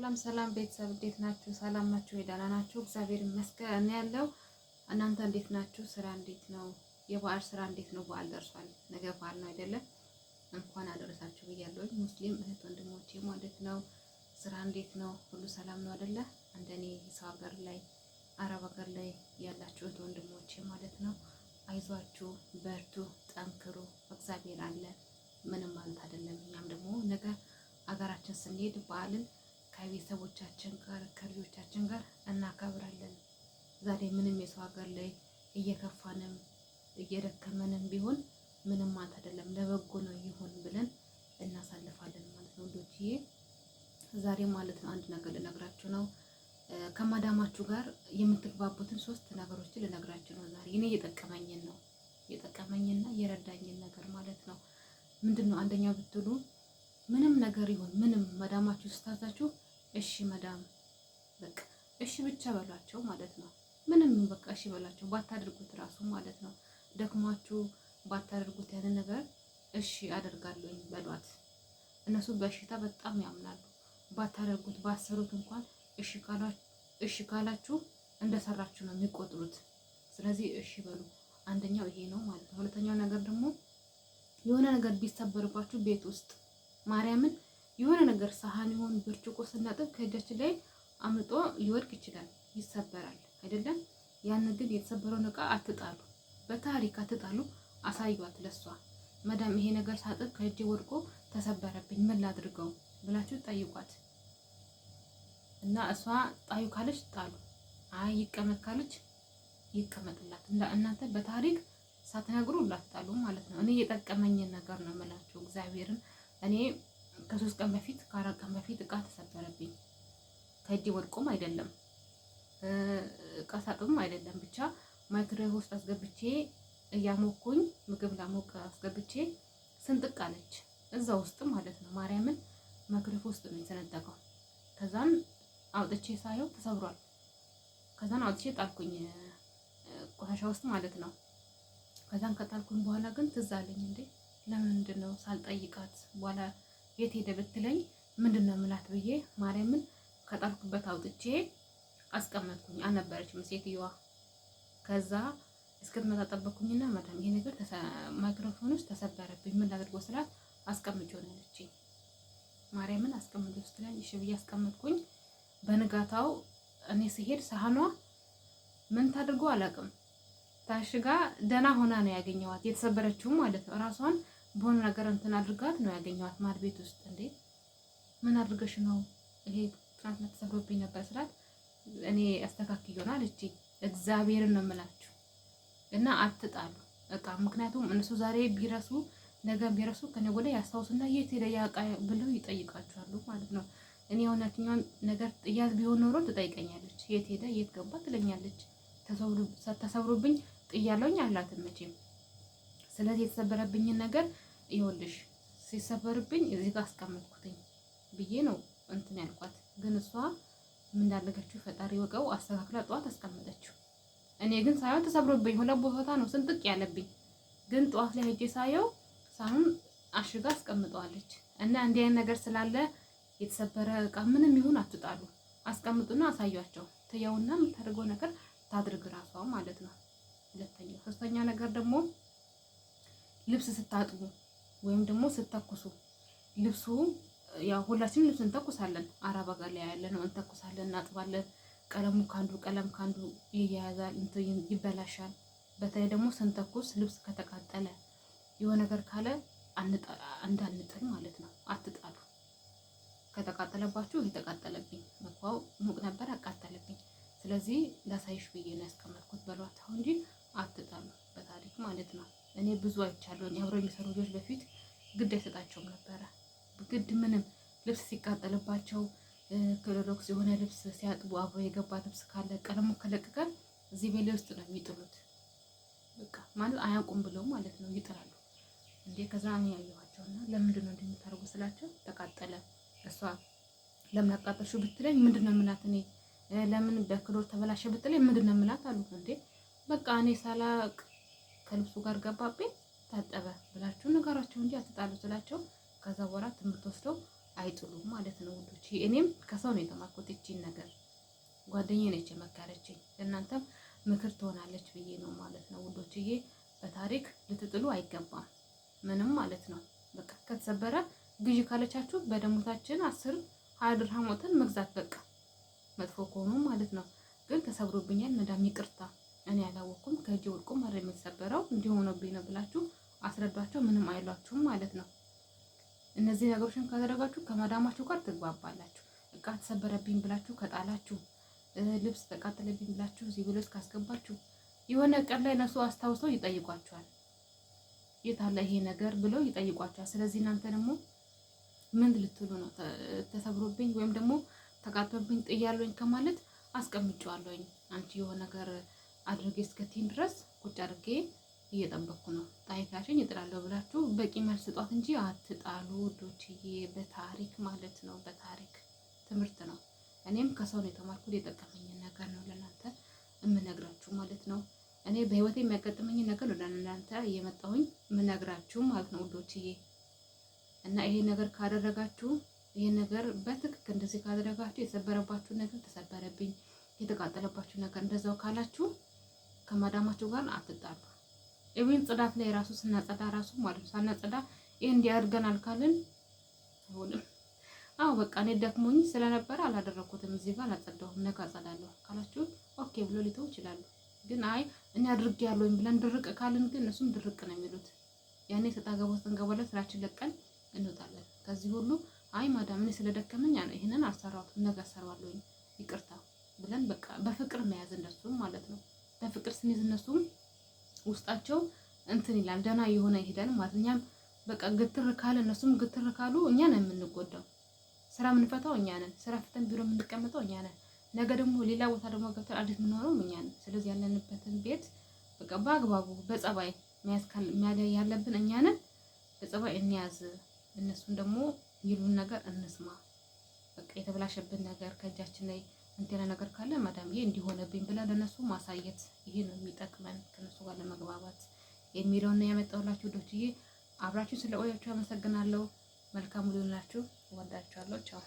ሰላም ሰላም ቤተሰብ እንዴት ናችሁ? ሰላም ናችሁ? የዳና ናችሁ? እግዚአብሔር ይመስገን ያለው እናንተ እንዴት ናችሁ? ስራ እንዴት ነው? የበዓል ስራ እንዴት ነው? በዓል ደርሷል። ነገ በዓል ነው አይደለም? እንኳን አደረሳችሁ ብያለሁኝ። ሙስሊም እህት ወንድሞቼ ማለት ነው። ስራ እንዴት ነው? ሁሉ ሰላም ነው አይደለ? እንደኔ የሰው ሀገር ላይ አረብ ሀገር ላይ ያላችሁ እህት ወንድሞቼ ማለት ነው። አይዟችሁ፣ በርቱ፣ ጠንክሩ። እግዚአብሔር አለ፣ ምንም ማለት አይደለም። እኛም ደግሞ ነገ ሀገራችን ስንሄድ በዓልን ከቤተሰቦቻችን ጋር ከልጆቻችን ጋር እናከብራለን። ዛሬ ምንም የሰው ሀገር ላይ እየከፋንም እየደከመንም ቢሆን ምንም ማለት አይደለም፣ ለበጎ ነው ይሁን ብለን እናሳልፋለን ማለት ነው ልጆችዬ። ዛሬ ማለት ነው አንድ ነገር ልነግራችሁ ነው። ከማዳማችሁ ጋር የምትግባቡትን ሶስት ነገሮችን ልነግራችሁ ነው ዛሬ። እኔ እየጠቀመኝን ነው እየጠቀመኝና እየረዳኝን ነገር ማለት ነው። ምንድን ነው አንደኛው ብትሉ ምንም ነገር ይሁን ምንም መዳማችሁ ስታዛችሁ እሺ መዳም በቃ እሺ ብቻ በሏቸው ማለት ነው። ምንም በቃ እሺ በሏቸው ባታደርጉት ራሱ ማለት ነው። ደክሟችሁ ባታደርጉት ያንን ነገር እሺ አደርጋለሁኝ በሏት። እነሱ በሽታ በጣም ያምናሉ። ባታደርጉት ባሰሩት እንኳን እሺ ካላችሁ እንደሰራችሁ ነው የሚቆጥሩት። ስለዚህ እሺ በሉ። አንደኛው ይሄ ነው ማለት ነው። ሁለተኛው ነገር ደግሞ የሆነ ነገር ቢሰበርባችሁ ቤት ውስጥ ማርያምን የሆነ ነገር ሳህን ይሁን ብርጭቆ ስናጥብ ከእጃችን ላይ አምጦ ሊወድቅ ይችላል፣ ይሰበራል አይደለም። ያን ግን የተሰበረውን እቃ አትጣሉ፣ በታሪክ አትጣሉ። አሳዩት ለሷ መዳም ይሄ ነገር ሳጥብ ከእጄ ወድቆ ተሰበረብኝ ምን ላድርገው ብላችሁ ጠይቋት እና እሷ ጣዩ ካለች ጣሉ፣ አይ ይቀመጥ ካለች ይቀመጥላት። እናንተ በታሪክ ሳትነግሩ ላትጣሉ ማለት ነው። እኔ የጠቀመኝን ነገር ነው የምላችሁ እግዚአብሔርን እኔ ከሶስት ቀን በፊት ከአራት ቀን በፊት እቃ ተሰበረብኝ። ከእጅ ወድቆም አይደለም እቃ ሳጥብም አይደለም ብቻ ማይክሮዌቭ ውስጥ አስገብቼ እያሞኩኝ ምግብ ላሞቅ አስገብቼ ስንጥቅ አለች እዛ ውስጥ ማለት ነው። ማርያምን ማይክሮዌቭ ውስጥ ነው የተነጠቀው። ከዛን አውጥቼ ሳየው ተሰብሯል። ከዛን አውጥቼ ጣልኩኝ ቆሻሻ ውስጥ ማለት ነው። ከዛን ከጣልኩኝ በኋላ ግን ትዝ አለኝ እንዴ ለምንድን ነው ሳልጠይቃት በኋላ የት ሄደ ብትለኝ ምንድን ነው ምላት ብዬ ማርያምን ከጣልኩበት አውጥቼ አስቀመጥኩኝ። አልነበረችም ሴትዮዋ። ከዛ እስክትመጣ ጠበቅኩኝና ማዳም ይሄ ነገር ማይክሮፎን ውስጥ ተሰበረብኝ ምን ላድርጎ ስላት አስቀምጮ ነው ያለችኝ። ማርያምን አስቀምጮ ስትለኝ እሺ ብዬ አስቀመጥኩኝ። በንጋታው እኔ ስሄድ ሳህኗ ምን ታድርጎ አላውቅም ታሽጋ ደህና ሆና ነው ያገኘዋት የተሰበረችውም ማለት ነው ራሷን በሆነ ነገር እንትን አድርጋት ነው ያገኘኋት ማድ ቤት ውስጥ። እንዴ ምን አድርገሽ ነው ይሄ ትናንትና ተሰብሮብኝ ነበር ስላት እኔ ይሆናል እቺ እግዚአብሔርን ነው የምላችሁ እና አትጣሉ እቃ። ምክንያቱም እነሱ ዛሬ ቢረሱ ነገ ቢረሱ ከኔ ወደ ያስታውሱና የት ሄደ ያ እቃ ብለው ይጠይቃችኋሉ ማለት ነው። እኔ የሆናችኛውን ነገር ጥያት ቢሆን ኖሮ ትጠይቀኛለች። የት ሄደ የት ገባ ትለኛለች። ተሰብሮብኝ ጥያለውኝ አላትም መቼም ስለዚህ የተሰበረብኝን ነገር ይኸውልሽ ሲሰበርብኝ እዚህ ጋር አስቀመጥኩትኝ ብዬ ነው እንትን ያልኳት። ግን እሷ ምን እንዳደረገችው ፈጣሪ ወቀው አስተካክላ ጠዋት አስቀመጠችው። እኔ ግን ሳይሆን ተሰብሮብኝ ሁለት ቦታ ነው ስንጥቅ ያለብኝ። ግን ጠዋት ላይ ሄጄ ሳየው ሳሁን አሽጋ አስቀምጠዋለች። እና እንዲህ አይነት ነገር ስላለ የተሰበረ እቃ ምንም ይሁን አትጣሉ፣ አስቀምጡና አሳያቸው። ትየውና የምታደርገው ነገር ታድርግ ራሷ ማለት ነው። ሁለተኛው ሶስተኛ ነገር ደግሞ ልብስ ስታጥቡ ወይም ደግሞ ስተኩሱ ልብሱ ያው ሁላችንም ልብስ እንተኩሳለን። አረብ አገር ላይ ያለ ነው እንተኩሳለን፣ እናጥባለን። ቀለሙ ካንዱ ቀለም ካንዱ ይያያዛል፣ እንትን ይበላሻል። በተለይ ደግሞ ስንተኩስ ልብስ ከተቃጠለ የሆነ ነገር ካለ እንዳንጥል ማለት ነው። አትጣሉ። ከተቃጠለባችሁ የተቃጠለብኝ መግባው ሙቅ ነበር አቃጠለብኝ፣ ስለዚህ ላሳይሽ ብዬ ነው ያስቀመጥኩት በሏት እንጂ አትጣሉ በታሪክ ማለት ነው። እኔ ብዙ አይቻለሁ። እኔ አብረው የሚሰሩ ልጆች በፊት ግድ አይሰጣቸውም ነበረ። ግድ ምንም ልብስ ሲቃጠልባቸው ክሎሮክስ የሆነ ልብስ ሲያጥቡ አብሮ የገባ ልብስ ካለ ቀለሙ ከለቀቀን እዚህ ቤሌ ውስጥ ነው የሚጥሉት። በቃ ማለት አያውቁም ብለው ማለት ነው ይጥላሉ። እንዴ ከዛ እኔ ያየኋቸውና ለምንድን ነው እንደምታደርጉ ስላቸው ተቃጠለ። እሷ ለምን አቃጠልሽው ብትለኝ ምንድን ነው የምላት እኔ ለምን በክሎር ተበላሸ ብትለኝ ምንድን ነው የምላት አሉ። እንዴ በቃ እኔ ሳላቅ ከልብሱ ጋር ገባብኝ ታጠበ ብላችሁ ንገሯቸው እንጂ አትጣሉ ስላቸው ከዛ በኋላ ትምህርት ወስደው አይጥሉም ማለት ነው ውዶች። እኔም ከሰው ነው የተማርኩት እቺን ነገር ጓደኛ ነች የመከረችኝ። ለእናንተም ምክር ትሆናለች ብዬ ነው ማለት ነው ውዶችዬ። በታሪክ ልትጥሉ አይገባም ምንም ማለት ነው። በቃ ከተሰበረ ግዢ ካለቻችሁ በደሞታችን አስር ሀያ ድርሃም ወጥተን መግዛት በቃ መጥፎ ከሆኑ ማለት ነው። ግን ተሰብሮብኛል መዳም ይቅርታ እኔ ያላወቅኩም ከእጅ ወድቆ መር የሚሰበረው እንዲህ ሆኖብኝ ነው ብላችሁ አስረዷቸው። ምንም አይሏችሁም ማለት ነው። እነዚህ ነገሮችን ካደረጋችሁ ከመዳማችሁ ጋር ትግባባላችሁ። እቃ ተሰበረብኝ ብላችሁ ከጣላችሁ፣ ልብስ ተቃጠለብኝ ብላችሁ እዚህ ብሎስ ካስገባችሁ የሆነ ቀን ላይ እነሱ አስታውሰው ይጠይቋቸዋል። የት አለ ይሄ ነገር ብለው ይጠይቋቸዋል። ስለዚህ እናንተ ደግሞ ምን ልትሉ ነው? ተሰብሮብኝ ወይም ደግሞ ተቃጥሎብኝ ጥያለኝ ከማለት አስቀምጫዋለሁኝ አንቺ የሆነ ነገር አድርጌ እስከቲን ድረስ ቁጭ አድርጌ እየጠበቅኩ ነው። ጣይታችን ይጥላለሁ ብላችሁ በቂ መልስ ጧት እንጂ አትጣሉ ውዶችዬ። በታሪክ ማለት ነው፣ በታሪክ ትምህርት ነው። እኔም ከሰው ነው የተማርኩት። የጠቀመኝን ነገር ነው ለእናንተ የምነግራችሁ ማለት ነው። እኔ በህይወት የሚያጋጥመኝን ነገር ነው እናንተ እየመጣሁኝ የምነግራችሁ ማለት ነው ውዶችዬ። እና ይሄ ነገር ካደረጋችሁ ይሄ ነገር በትክክል እንደዚህ ካደረጋችሁ የሰበረባችሁ ነገር ተሰበረብኝ የተቃጠለባችሁ ነገር እንደዛው ካላችሁ ከማዳማቸው ጋር አትጣሉ። ኢቭን ጽዳት ላይ ራሱ ስናጸዳ ራሱ ማለት ነው ሳናጸዳ ይሄ ካልን አይሆንም። አዎ በቃ እኔ ደክሞኝ ስለነበረ አላደረኩትም፣ እዚህ ጋር አላጸዳሁም፣ ነገ አጸዳለሁ ካላችሁ ኦኬ ብሎ ሊተው ይችላሉ። ግን አይ እኔ አድርጌ ያለሁኝ ብለን ድርቅ ካልን ግን እሱም ድርቅ ነው የሚሉት። ያኔ ተጣገቦ ተንገበለ ስራችን ለቀን እንወጣለን። ከዚህ ሁሉ አይ ማዳም እኔ ስለደከመኝ ይህንን አሰራሁት፣ ነገ አሰራዋለሁኝ፣ ይቅርታ ብለን በቃ በፍቅር መያዝ እንደሱም ማለት ነው። በፍቅር ስሜት እነሱ ውስጣቸው እንትን ይላል፣ ደህና የሆነ ይሄዳል ማለት እኛም በቃ ግትር ካለ እነሱም ግትር ካሉ እኛ ነን የምንጎዳው። ስራ የምንፈታው እኛ ነን። ስራ ፍተን ቢሮ የምንቀመጠው እኛ ነን። ነገ ደግሞ ሌላ ቦታ ደግሞ ገብተን አዲስ የምንሆነው እኛ ነን። ስለዚህ ያለንበትን ቤት በቃ በአግባቡ በጸባይ ያለብን እኛ ነን። በጸባይ እንያዝ፣ እነሱን ደግሞ ይሉን ነገር እንስማ። በቃ የተበላሸብን ነገር ከእጃችን ላይ እንትን ነገር ካለ ማዳም ይሄ እንዲሆነብኝ ብላ ለነሱ ማሳየት ይሄ ነው የሚጠቅመን ከነሱ ጋር ለመግባባት የሚለውን ነው ያመጣሁላችሁ። ዶችዬ አብራችሁ ስለቆያችሁ አመሰግናለሁ። መልካም ሊሆንላችሁ። እወዳችኋለሁ። ቻው